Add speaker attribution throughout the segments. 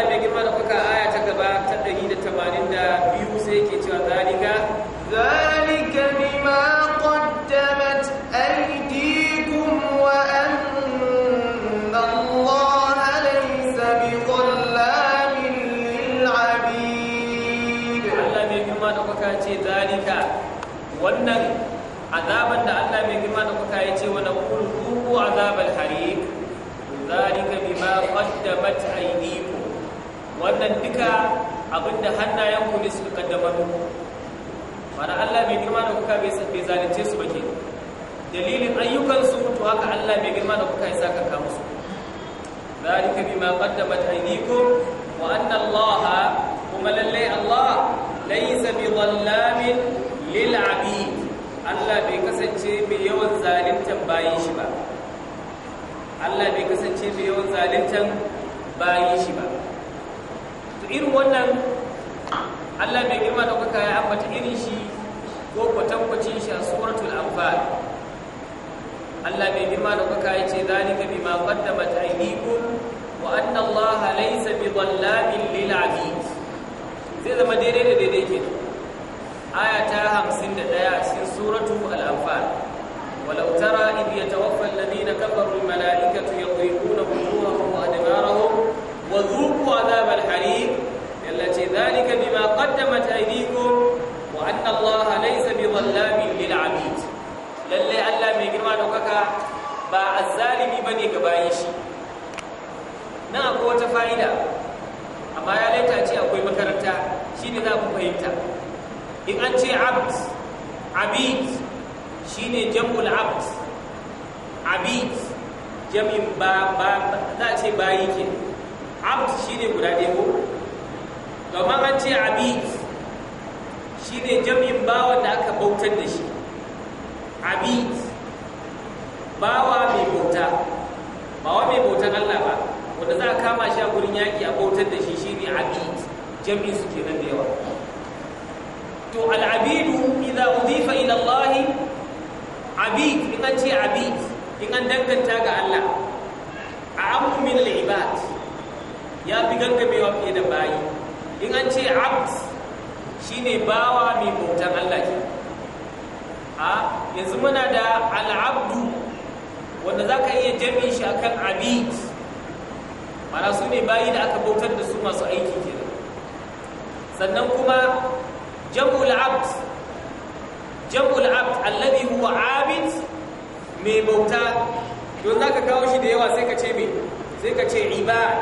Speaker 1: Allah mai girma da kuka aya ta gaba ta 182 sai yake cewa zalika wannan duka abinda hannayen ku ne suka kaddamar muku mana Allah mai girma da kuka bai zalunce su bake dalilin ayyukansu to haka Allah mai girma da kuka ya saka ka musu zalika bima qaddamat aydikum wa anna Allah kuma lallai Allah lai zabi wallamin lil'abi Allah bai kasance mai yawan zaluntan bayin shi ba Allah bai kasance mai yawan zalintan bayin shi ba irin wannan Allah mai girma da kuka ya ambata irin shi ko kwatankwacin shi a suratul anfal Allah mai girma da kuka ya ce zalika bima qaddamat aydikum wa anna Allah laysa bidhallamin lil abid zai zama daidai da daidai ke aya ta 51 a cikin suratul anfal walau tara idh yatawa bawa mai bauta bawa mai bautan Allah ba wanda za a kama shi a gurin yaƙi a bautar da shi shine abid jami'in su kenan da yawa to al'abidu idza udifa ila Allah abid in an ce abid in an danganta ga Allah a abu min al'ibad ya fi gangamewa fiye da bayi in an ce abd shine bawa mai bautan Allah ke a yanzu muna da al'abdu wanda za ka iya jami shi a kan abid mana su ne bayi da aka bautar da su masu aiki kenan sannan kuma jam'ul abd jam'ul abd alladhi huwa abid mai bauta don za ka kawo shi da yawa sai ka ce mai sai ka ce ibad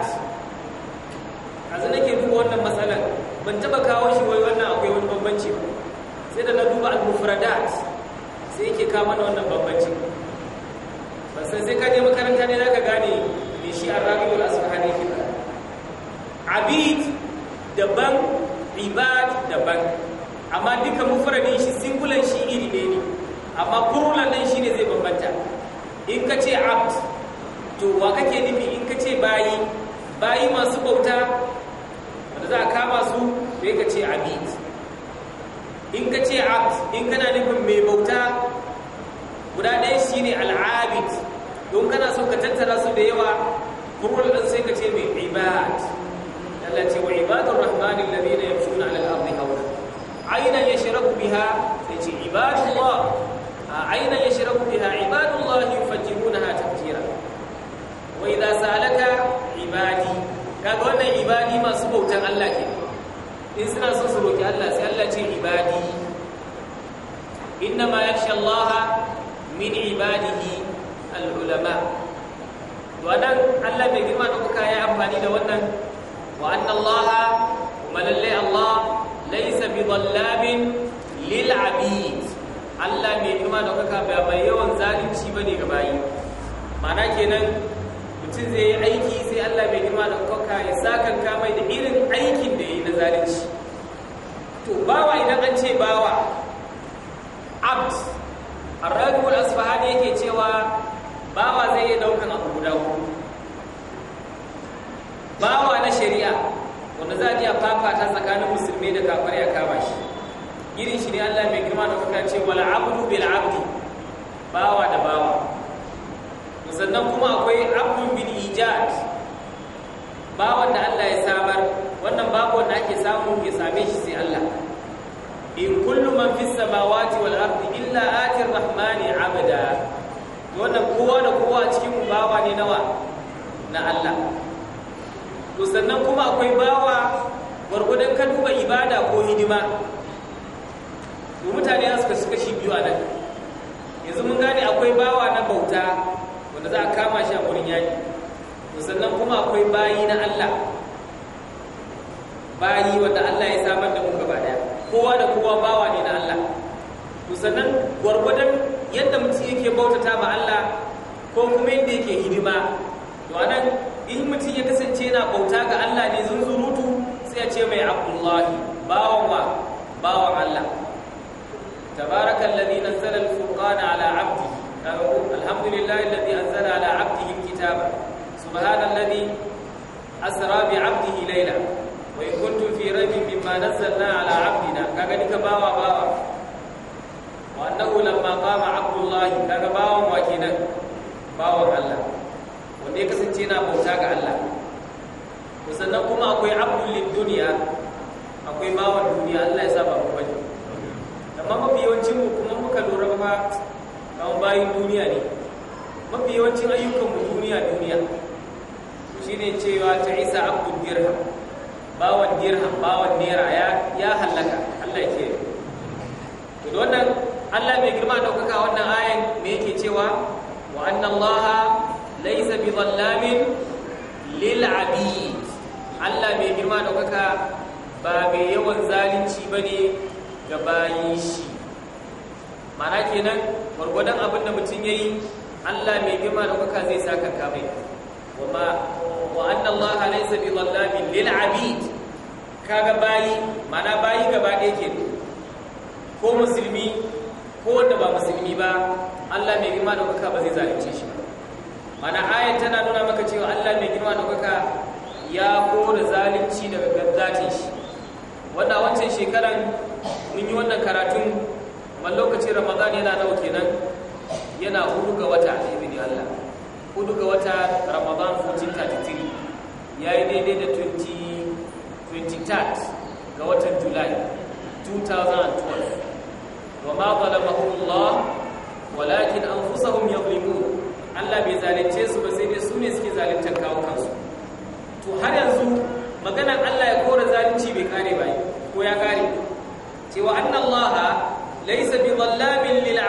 Speaker 1: a zina ke duba wannan matsalar ban taba kawo shi wai wannan akwai wani bambanci sai da na duba al-mufradat sai yake kama da wannan bambanci ba sai sai ka je makaranta ne zaka gane me shi ar-rabiul asfahani ke abid daban ibad daban amma duka mufradin shi singular shi iri ne ne amma plural din shi ne zai bambanta in ka ce abd to wa kake nufi in ka ce bayi bayi masu bauta wanda za a kama su sai ka ce abid in ka ce abd in kana nufin mai bauta guda ɗaya shine al'ada tattara su da yawa kurul ɗin sai ka ce mai ibad Allah ce wa ibadun rahmani lalina ya fi ala al'arni hauna ainihin ya shiraku biha sai ce ibadullah a ah, ainihin ya shiraku biha ibadullah yi fajimuna ha tafjira wa idan salaka ibadi kaga wannan ibadi masu bautan Allah ke in suna so su roki Allah sai Allah ce ibadi inna ma yakhsha Allah min ibadihi al-ulama to Allah mai girma da kuka yi amfani da wannan wa anna Allah kuma lalle Allah laysa bi dhallamin lil abid Allah mai girma da kuka ba mai yawan zalunci bane ga bayi mana kenan mutum zai yi aiki sai Allah mai girma da kuka ya sakan mai da irin aikin da yayi na zalunci to bawa idan an ce bawa abd Arragul Asfahani yake cewa bawa zai iya daukan abu guda hudu bawa na shari'a wanda za a iya fafata tsakanin musulmi da kafar ya kama shi irin shi ne Allah mai girma da kuka ce wal abdu bil abdi bawa da bawa sannan kuma akwai abdun bil ijad bawan da Allah ya samar wannan babu wanda ake samu ke same shi sai Allah in kullu man fis samawati wal ardi illa atir rahmani abada cikin mu bawa ne nawa na Allah to sannan kuma akwai bawa gwargwadon ka ibada ko hidima to mutane za su kashi kashi biyu a nan yanzu mun gane akwai bawa na bauta wanda za a kama shi a wurin yaki to sannan kuma akwai bayi na Allah bayi wanda Allah ya samar da mu gaba daya kowa da kowa bawa ne na Allah to sannan gwargwadon yadda mutum yake bautata ba Allah ko kuma inda yake hidima to anan in mutum ya kasance yana bauta ga Allah ne zun zunzurutu sai ya ce mai abdullahi bawan wa bawan Allah tabarakallazi nazzala al-furqana ala 'abdihi alhamdulillahi alladhi anzala ala 'abdihi al-kitaba subhanallazi asra bi 'abdihi layla wa in kuntum fi raybin mimma nazzalna ala 'abdina kaga ni ka bawa bawa wa annahu lamma qama 'abdullahi kaga bawan wa kenan bawon Allah wanda ya kasance yana bauta ga Allah sannan kuma akwai abdul duniya akwai bawon duniya Allah ya saba ba bane amma mafi yawancin mu kuma muka lura ba kawo bayan duniya ne mafi yawancin ayyukan mu duniya duniya ne cewa ta isa abdul dirham bawan dirham bawan naira ya hallaka halaka Allah ya kiyaye to wannan Allah mai girma daukaka wannan ayan me yake cewa wa anna allaha laysa bi dhallamin lil abid Allah mai girma daukaka ba mai yawan zalunci bane ga bayi shi mana kenan gwargwadon abin da mutum yayi Allah mai girma da kuka zai saka kamai kuma wa anna allaha laysa bi dhallamin lil abid kaga bayi mana bayi gaba ɗaya ke ko musulmi ko wanda ba musulmi ba Allah mai girma da kuka ba zai zalunce shi mana ayat tana nuna maka cewa Allah mai girma da kuka ya kore zalunci daga gaddatin shi wanda wancan shekaran mun yi wannan karatun man lokacin Ramadan yana nawa kenan yana hudu ga wata ibn Allah hudu ga wata Ramadan 1433 yayi daidai da 20 ga watan July 2012 wa ma zalamahullah walakin anfusahum yadhlimun Allah bai zalunce su ba sai dai su ne suke zaluntar kawo kansu to har yanzu maganar Allah ya kora zalunci bai kare ba ko ya kare cewa annallaha laisa bi dhallamin lil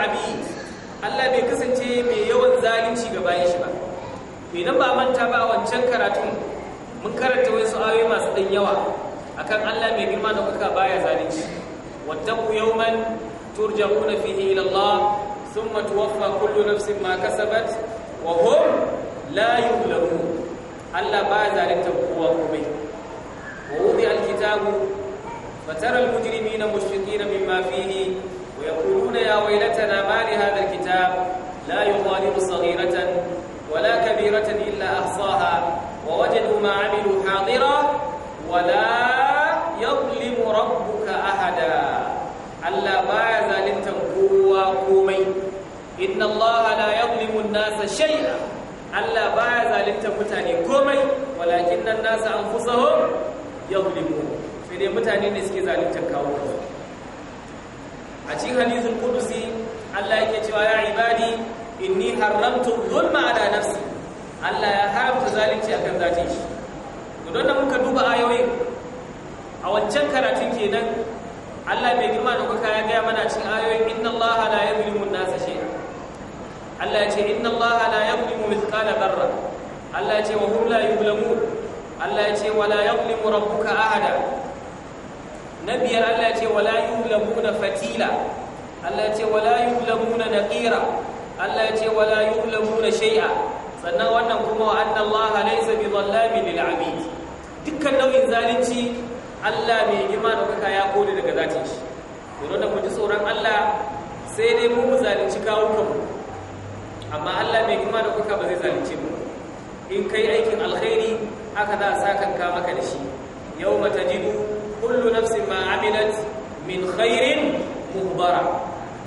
Speaker 1: Allah bai kasance mai yawan zalunci ga bayan shi ba nan ba manta ba wancan karatun mun karanta wasu ayoyi masu dan yawa akan Allah mai girma da kuka baya zalunci wattaqu yawman na fihi ila Allah thumma tuwaffa kullu nafsin ma kasabat wa hum la yuzlamun Allah ba zalunta kowa komai wa wudi alkitabu fatara almujrimina mushfiqina mimma fihi wa yaquluna ya waylatana ma li hadha alkitab la yughadiru saghiratan wala kabiratan illa ahsaha wa wajadu ma amilu hadira wala yadhlimu rabbuka ahada Allah baya zalunta kowa komai inna allaha la yadhlimu an-nasa shay'a Allah baya zalunta mutane komai walakin nan nasa anfusahum yadhlimun sai dai mutane ne suke zalunta kawo a cikin hadisin qudusi Allah yake cewa ya ibadi inni haramtu dhulma ala nafsi Allah ya haramta zalunci akan zatin shi don da muka duba ayoyin a wancan karatun kenan Allah mai girma da kuka ya gaya mana cin ayoyin inna Allah la yuzlimu an-nasa shay'a Allah ya ce inna Allah la yuzlimu mithqala dharra Allah ya ce wa hum la yuzlamun Allah ya ce wa la yuzlimu rabbuka ahada nabiyar Allah ya ce wa la yuzlamuna fatila Allah ya ce wa la yuzlamuna naqira Allah ya ce wa la yuzlamuna shay'a sannan wannan kuma wa anna Allah laysa bi dhallamin lil 'abid dukkan nau'in zalunci Allah mai girma da kuka ya kone daga zatin shi don da mu ji tsoron Allah sai dai mu zalunci kawukan mu amma Allah mai girma da kuka ba zai zalunce mu in kai aikin alkhairi haka za a sakanka maka da shi yawma tajidu kullu nafsin ma amilat min khairin muhbara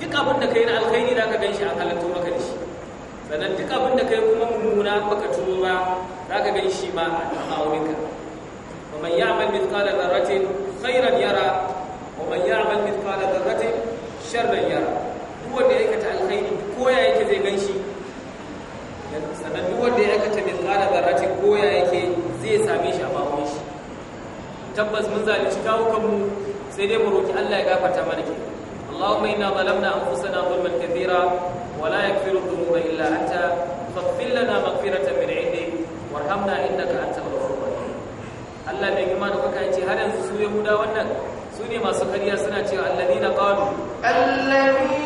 Speaker 1: duk abin da kai na alkhairi zaka ganshi an halatto maka da shi sannan duk abin da kai kuma mummuna baka tuno ba zaka ganshi ma a ma'aurinka man ya'mal mithqala dharratin khairan yara wa man ya'mal mithqala dharratin sharran yara duk wanda ya aikata alkhairi ko ya yake zai ganshi sannan duk wanda ya aikata mithqala dharratin ko ya yake zai same shi a bawon tabbas mun zalunci kawukan mu sai dai mu roki Allah ya gafarta mana ke Allahumma inna zalamna anfusana zulman kathira wa illa yahuda wannan su ne masu kariya suna cewa alladina qalu alladina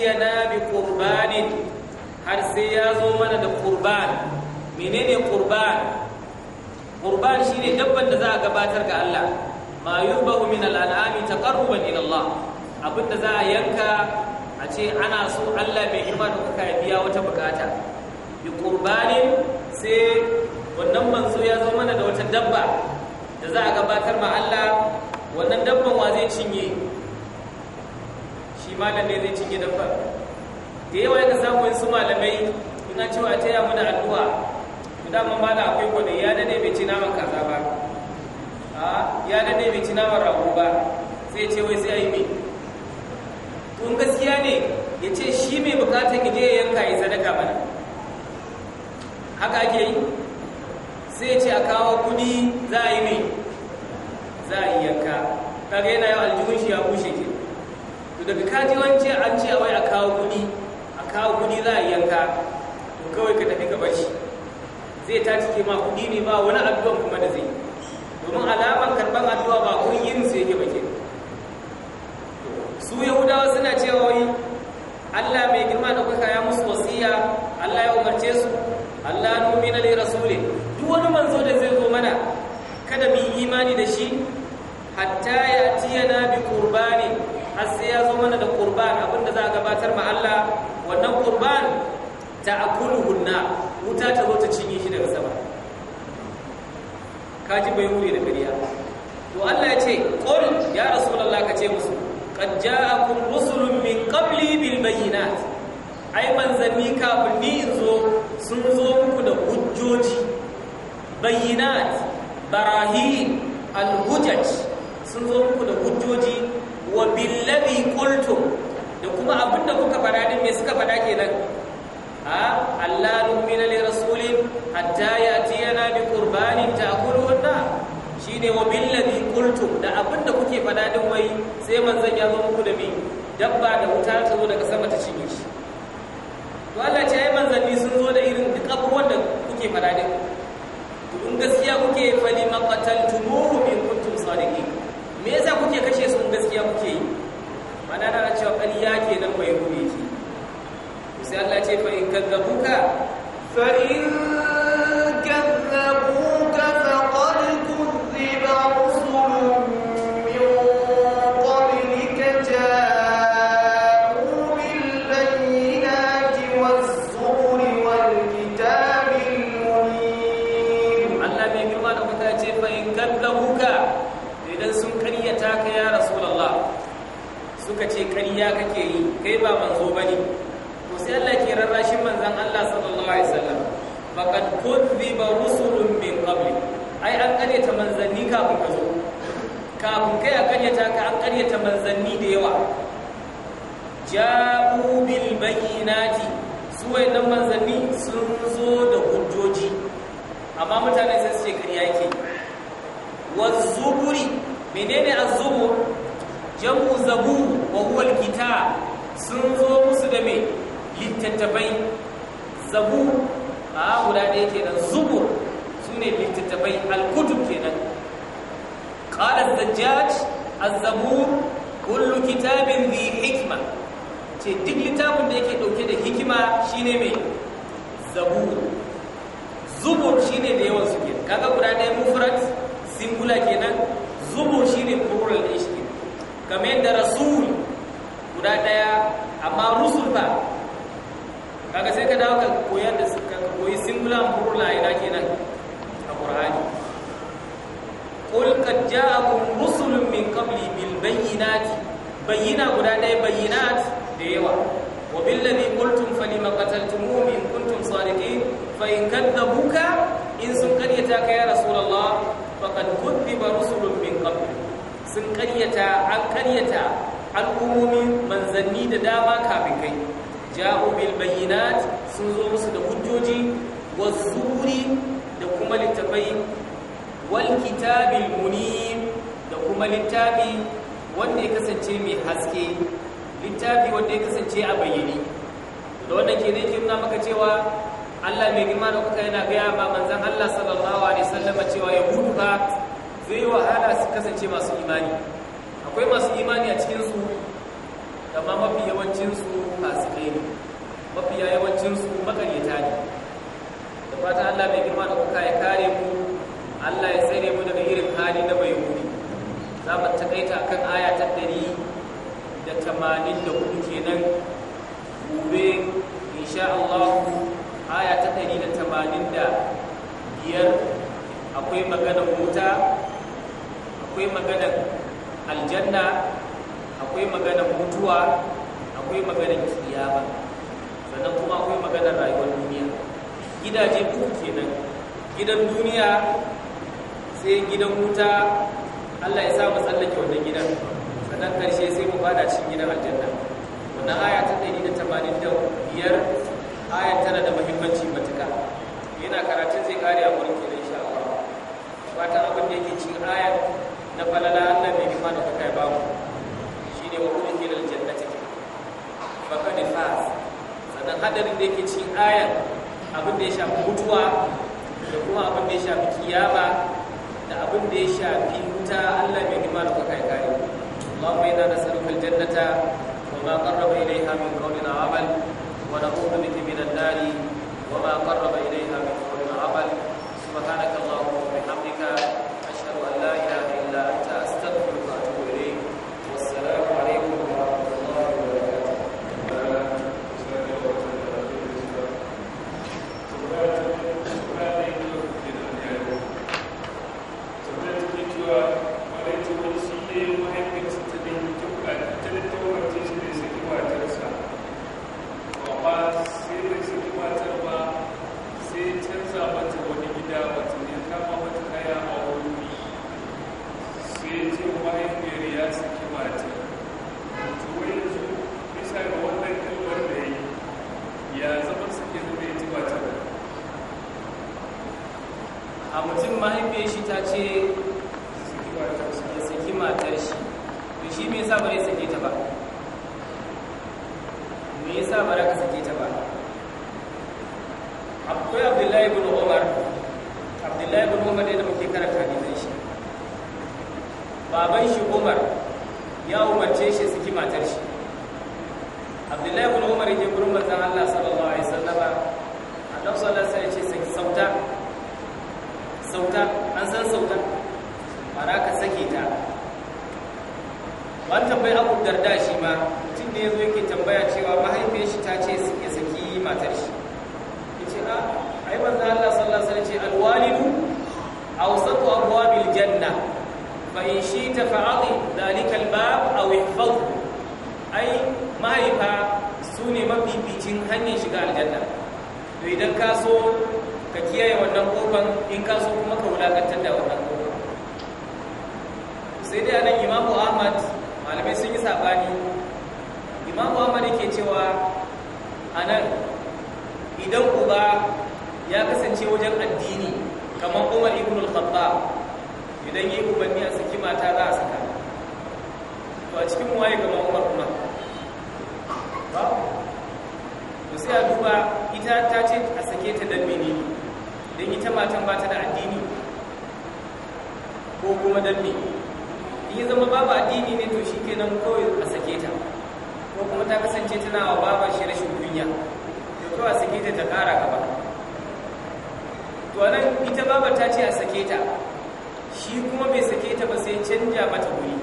Speaker 1: ya'tiyana bi qurbanin har sai ya zo mana da qurban menene qurban qurban shine dabban da za a gabatar ga Allah ma yubahu min al-an'ami taqarruban ila Allah abinda za a yanka a ce ana so Allah bai hikima da kuka biya wata bukata bi qurbanin sai wannan manzo ya zo mana da wata dabba da za a gabatar ma Allah wannan dabban wa zai cinye shi malamai zai zai cinye dabba da yawa yaka samu yin su malamai ina cewa taya muna addu'a guda ma mala akwai gwada ya dade mai ci naman kaza ba ya dade mai ci naman rago ba sai ce wai sai a yi mai tun gaskiya ne ya ce shi mai bukatar gije ya yanka ya sadaka mana haka ake yi sai ce a kawo kudi za a yi mai za a yi yanka kaga yana yau aljihun shi ya bushe ke to daga kaji wance an ce wai a kawo kudi a kawo kudi za a yanka to kawai ka tafi ka bashi zai ta cike ma kudi ne ba wani addu'an kuma da zai domin alaman karban addu'a ba kun yin su yake bake su yahudawa suna cewa wai Allah mai girma da kuka ya musu wasiya Allah ya umarce su Allah min li rasuli duk wani manzo da zai zo mana kada mu yi imani da shi hatta ya tiyana bi qurbani har sai ya zo mana da abin da za a gabatar ma Allah wannan qurban ta'kuluhu hunna wuta ta zo ta cinye shi daga sama kaji bai wuri da kariya to Allah ya ce qul ya rasulullah ka ce musu qad ja'akum rusulun min qabli bil bayyinat ai manzanni kafin ni in zo sun zo muku da hujjoji bayyinat barahin al-hujaj sun zo muku da hujjoji wa billabi qultum da kuma abinda kuka fara din me suka fada kenan ha Allah nu'mina li rasulin hatta yatiyana bi qurbanin ta'kuluna shine wa billabi qultum da abinda kuke fada din wai sai manzon ya zo muku da me dabba da wuta ta zo daga sama ta cinye shi to Allah ce ai manzanni sun zo da irin duk abubuwan da kuke fada din to in gaskiya kuke fali maqataltumu gaskiya kuke yi mana na cewa ƙarya ke nan bai rubi ki sai Allah ce fa in kadzabuka ba manzo ne to sai Allah ke rarrashin manzan Allah sallallahu alaihi wasallam faqad ba rusulun min qabli ai an karyata manzanni kafin ka zo kafin kai a karyata ka an karyata manzanni da yawa ja'u bil bayyinati su wayannan manzanni sun zo da hujjoji amma mutane sai su ce kariya yake zuburi, menene azubur jam'u zabu wa huwa alkitab sun zo musu da me littattafai zabu a guda ɗaya kenan zubur su ne littattafai alkutub kenan qala da zajjaj a zabur kullu kitabin dhi hikima ce duk littafin da yake ɗauke da hikima shine mai zubu zubur shine da yawan suke kaga guda ɗaya mufrat singular kenan zubur shine da ɗin shi kamar yadda rasul guda ɗaya amma rusul ba kaga sai ka dawo ka koyar da ka koyi singular plural ina kenan a qur'ani qul qad ja'akum rusulun min qabli bil bayyinati bayyina guda ɗaya bayyinat da yawa wa bil ladhi qultum falima qataltumuhum in kuntum sadiqin fa in kadzabuka in sun karyata ka ya rasulullah faqad kuthiba rusulun min qabli sun karyata an karyata al'ummomin manzanni da dama kafin kai ja'u bil sun zo musu da hujjoji wazuri da kuma littafai Walkitabil kitabil da kuma littafi wanda ya kasance mai haske littafi wanda ya kasance a bayyane da wannan ke ne ke nuna maka cewa Allah mai girma da kuka yana gaya ba manzan Allah sallallahu alaihi sallama cewa yahudu ba zai wahala su kasance masu imani akwai masu imani a cikinsu amma mafi yawancinsu masu ne mafi yawancinsu makaryata ne da fatan allah mai girma da kuka ya kare mu allah ya tsare mu daga irin hali na bai wuri za mu takaita kan aya ta ɗari da tamanin da kenan janna akwai maganar mutuwa akwai maganar kiyama sannan kuma akwai maganar rayuwar duniya gidaje uku kenan gidan duniya sai gidan wuta Allah ya sa mu tsallake wannan gidan sannan karshe sai mu bada cikin gidan aljanna wannan aya ta 185 aya tana da muhimmanci matuka yana karatun zai kare a gurin kenan insha Allah fatan abin da yake cikin ayar na falala Allah mai girma da kuka bamu shi ne wa udkhil al jannati faqad faz sannan hadarin da yake cikin ayan abin da ya shafi mutuwa da kuma abin da ya shafi kiyama da abin da ya shafi wuta Allah mai girma da kuka kare Allahumma inna nas'aluka al jannata wa ma qarraba ilayha min qawlin amal wa na'udhu bika min an-nar wa ma qarraba ilayha min qawlin amal subhanaka Allahumma abdullahi ibn umar yake gurin manzon Allah sallallahu alaihi wasallama annabi sallallahu alaihi wasallam ya ce sauta sauta an san sauta mara ka sake ta wani tambayi abu darda shi ma mutum ya zo yake tambaya cewa mahaifiyar shi ta ce suke saki matar shi ya ce a ah, ai manzon Allah sallallahu alaihi wasallam ce alwalidu awsatu abwabil janna fa in shi ta fa'adi dhalika albab aw ihfazhu ai mahaifa su ne mafificin hanyar shiga aljanna to idan ka so ka kiyaye wannan kofan in ka so kuma ka wulakantar da wannan kofan sai dai anan imamu ahmad malamai sun yi sabani imamu ahmad yake cewa anan idan uba ya kasance wajen addini kamar umar ibn al-khattab idan yi ubanni a saki mata za a saka to a cikin waye kamar umar ba to sai a duba ita ta ce a sake ta dan mini don ita matan ba ta da addini ko kuma dan mini in yi zama babu addini ne to shi nan kawai a sake ta ko kuma ta kasance tana wa baba shi rashin kunya to a sake ta ta kara gaba to nan ita babar ta ce a sake ta shi kuma bai sake ta ba sai canja mata wuri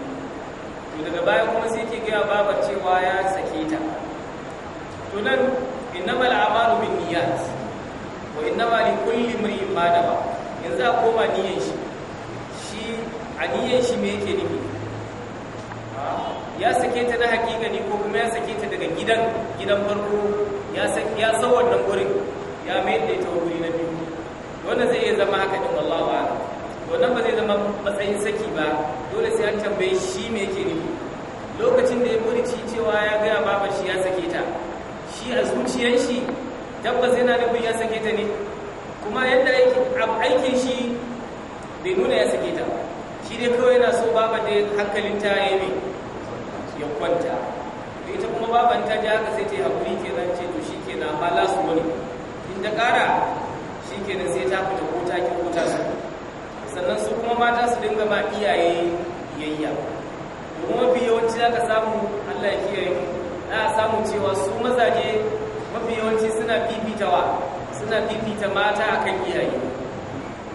Speaker 1: to daga baya kuma sai ke gaya babar cewa ya sake ta to nan innamal bin niyyat wa innama likulli imrin ma nawa yanzu a koma niyyar shi shi a niyyar shi me yake nufi ya sake ta na hakika ne ko kuma ya sake ta daga gidan gidan farko ya sake ya san wannan gurin ya mai da ita wuri na biyu wannan zai iya zama haka din wallahi ba wannan ba zai zama matsayin saki ba dole sai an tambaye shi me yake nufi lokacin da ya murici cewa ya ga babar shi ya sake ta shi a zuciyar shi tabbas yana nufin ya sake ta ne kuma yadda aikin shi bai nuna ya sake ta shi ne kawai yana so baban da ta ya yi ya kwanta da ita kuma baban ta ji haka sai ta yi haƙuri kenan ce to shi ke na ba la su wani in ta ƙara shi ke kenan sai ta fita ko ta ki ko ta su sannan su kuma mata su dinga ma iyaye biyayya kuma biyo wacce za ka samu allah ya kiyaye za a samu cewa su mazaje mafi yawanci suna fifitawa suna fifita mata akan iyaye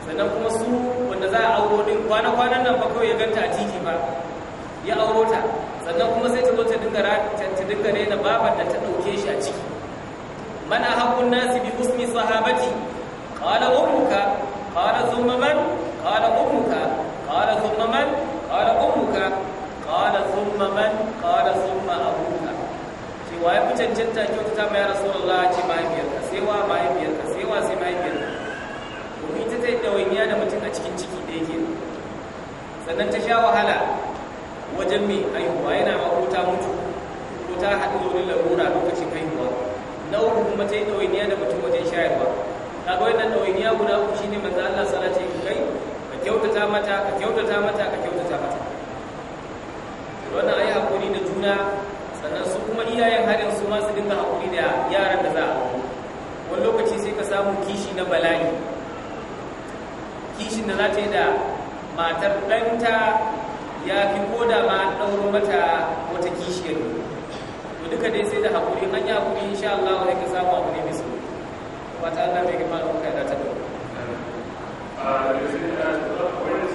Speaker 1: sannan kuma su wanda za a auro din kwana-kwanan nan ba kawai ya ganta a titi ba ya auro ta sannan kuma sai ta zo ta dinga ta dinga babar da ta dauke shi a ciki mana ahabbun nasi bi husni sahabati kawala umuka kawala thumma man qala ummuka qala thumma man kawala ummuka kawala thumma man qala thumma abuka wa ya fi cancanta kyautata mai rasulullah ce Ka sai wa Ka sai wa sai mahaifiyarka domin ta zai ɗawainiya da mutum a cikin ciki da yake sannan ta sha wahala wajen mai aihuwa yana makuta mutu ko ta haɗu da larura lokacin haihuwa na uku kuma ta yi ɗawainiya da mutum wajen shayarwa ta ga wannan ɗawainiya guda uku shine manzo Allah sallallahu alaihi wasallam kai ka kyautata mata ka kyautata mata ka kyautata mata wannan ayi hakuri da juna sannan su kuma iyayen harin su masu su dinga haƙuri da yaran da za a wani lokaci sai ka samu kishi na bala'i kishin da za ta yi da matar ɗanta ya fi koda ma ɗauro mata wata kishiyar to duka dai sai da hakuri, an ya haƙuri insha Allah wani ka samu abu ne mai su wata Allah mai gama da kuka da ta